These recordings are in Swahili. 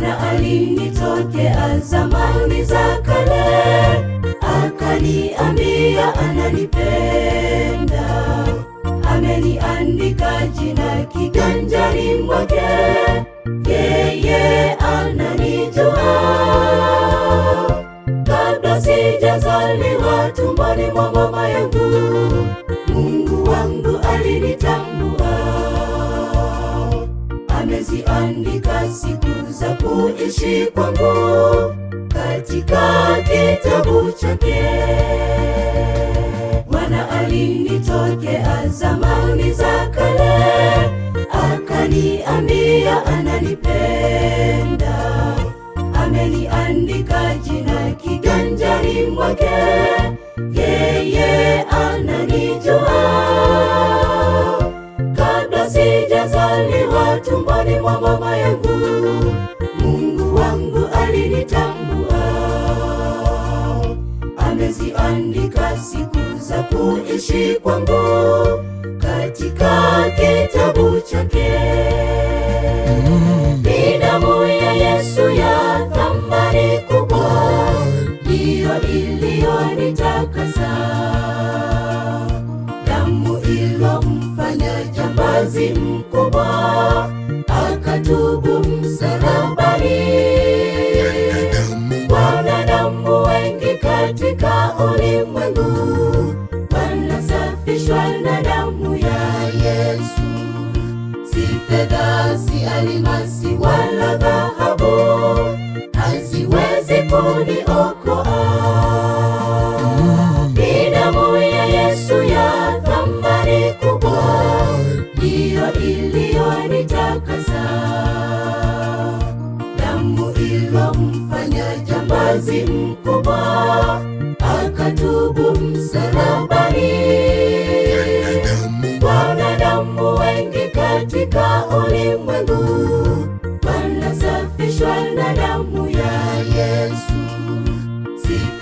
Bwana alinitokea zamani za kale, akaniambia ananipenda, ameniandika jina kiganjani mwake, yeye ananijua kabla sijazaliwa tumboni mwa mama yangu, Mungu wangu alinitambua, ameziandika siku za kuishi kwangu katika kitabu chake. Bwana alinitokea zamani za kale, akaniambia ananipenda, ameniandika jina kiganjani mwake, yeye ananijua kabla sijazaliwa tumboni mwa mama yangu. maandishi kwangu katika kitabu chake. Mm. Damu ya Yesu ya thamani kubwa ndiyo iliyonitakasa, damu ilomfanya jambazi mkubwa akatubu msalabani. damu wengi katika ulimwengu Nimetakaswa na damu ya Yesu, si fedha, si alimasi wala dhahabu haziwezi kuniokoa. Ni damu ya Yesu ya thamani kubwa, ndiyo iliyonitakasa. Damu ilomfanya jambazi mkubwa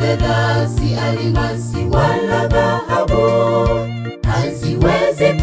fedha, si alimasi wala dhahabu haziwezi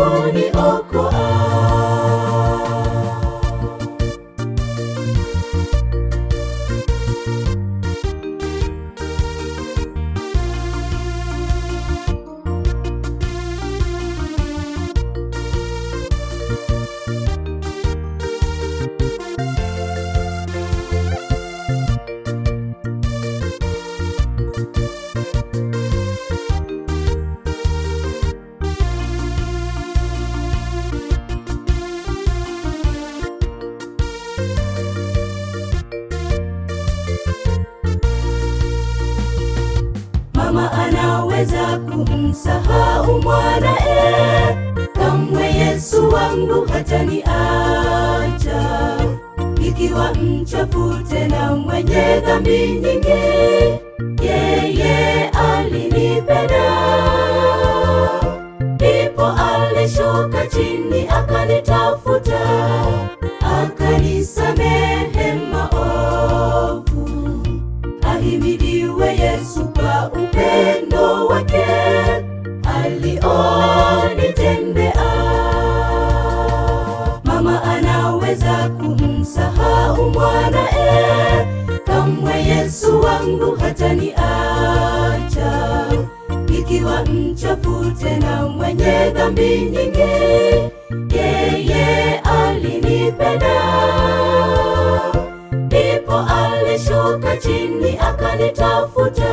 Kama anaweza kumsahau mwanae, kamwe Yesu wangu hataniacha, ikiwa mchafu tena mwenye dhambi nyingi, yeye alinipenda, ndipo alishuka chini akanitafuta. kumsahau mwanae, eh, kamwe Yesu wangu hataniacha, ikiwa mchafu tena mwenye dhambi nyingi, yeye alinipenda, ndipo alishuka chini akanitafuta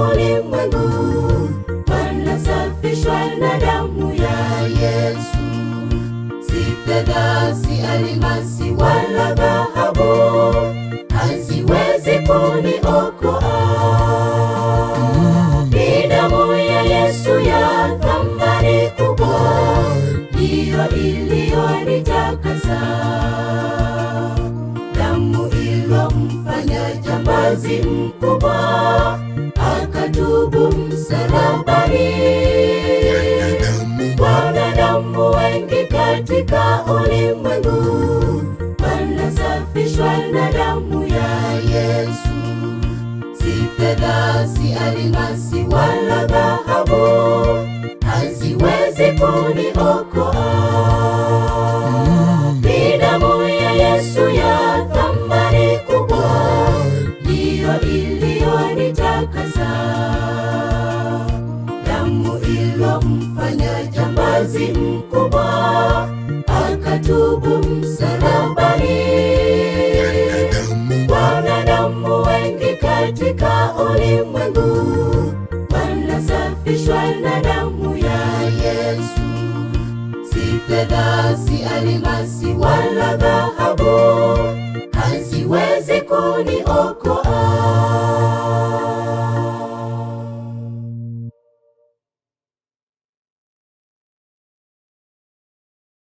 ulimwengu wanasafishwa na damu ya Yesu, si fedha, si alimasi wala dhahabu haziwezi kuniokoa. Ni damu ya Yesu ya thamani kubwa, ndiyo iliyonitakasa, damu ilomfanya jambazi mkubwa katika ulimwengu wanasafishwa na damu ya Yesu, si fedha, si alimasi wala dhahabu wengi katika ulimwengu wanasafishwa na damu ya Yesu, si fedha, si alimasi wala dhahabu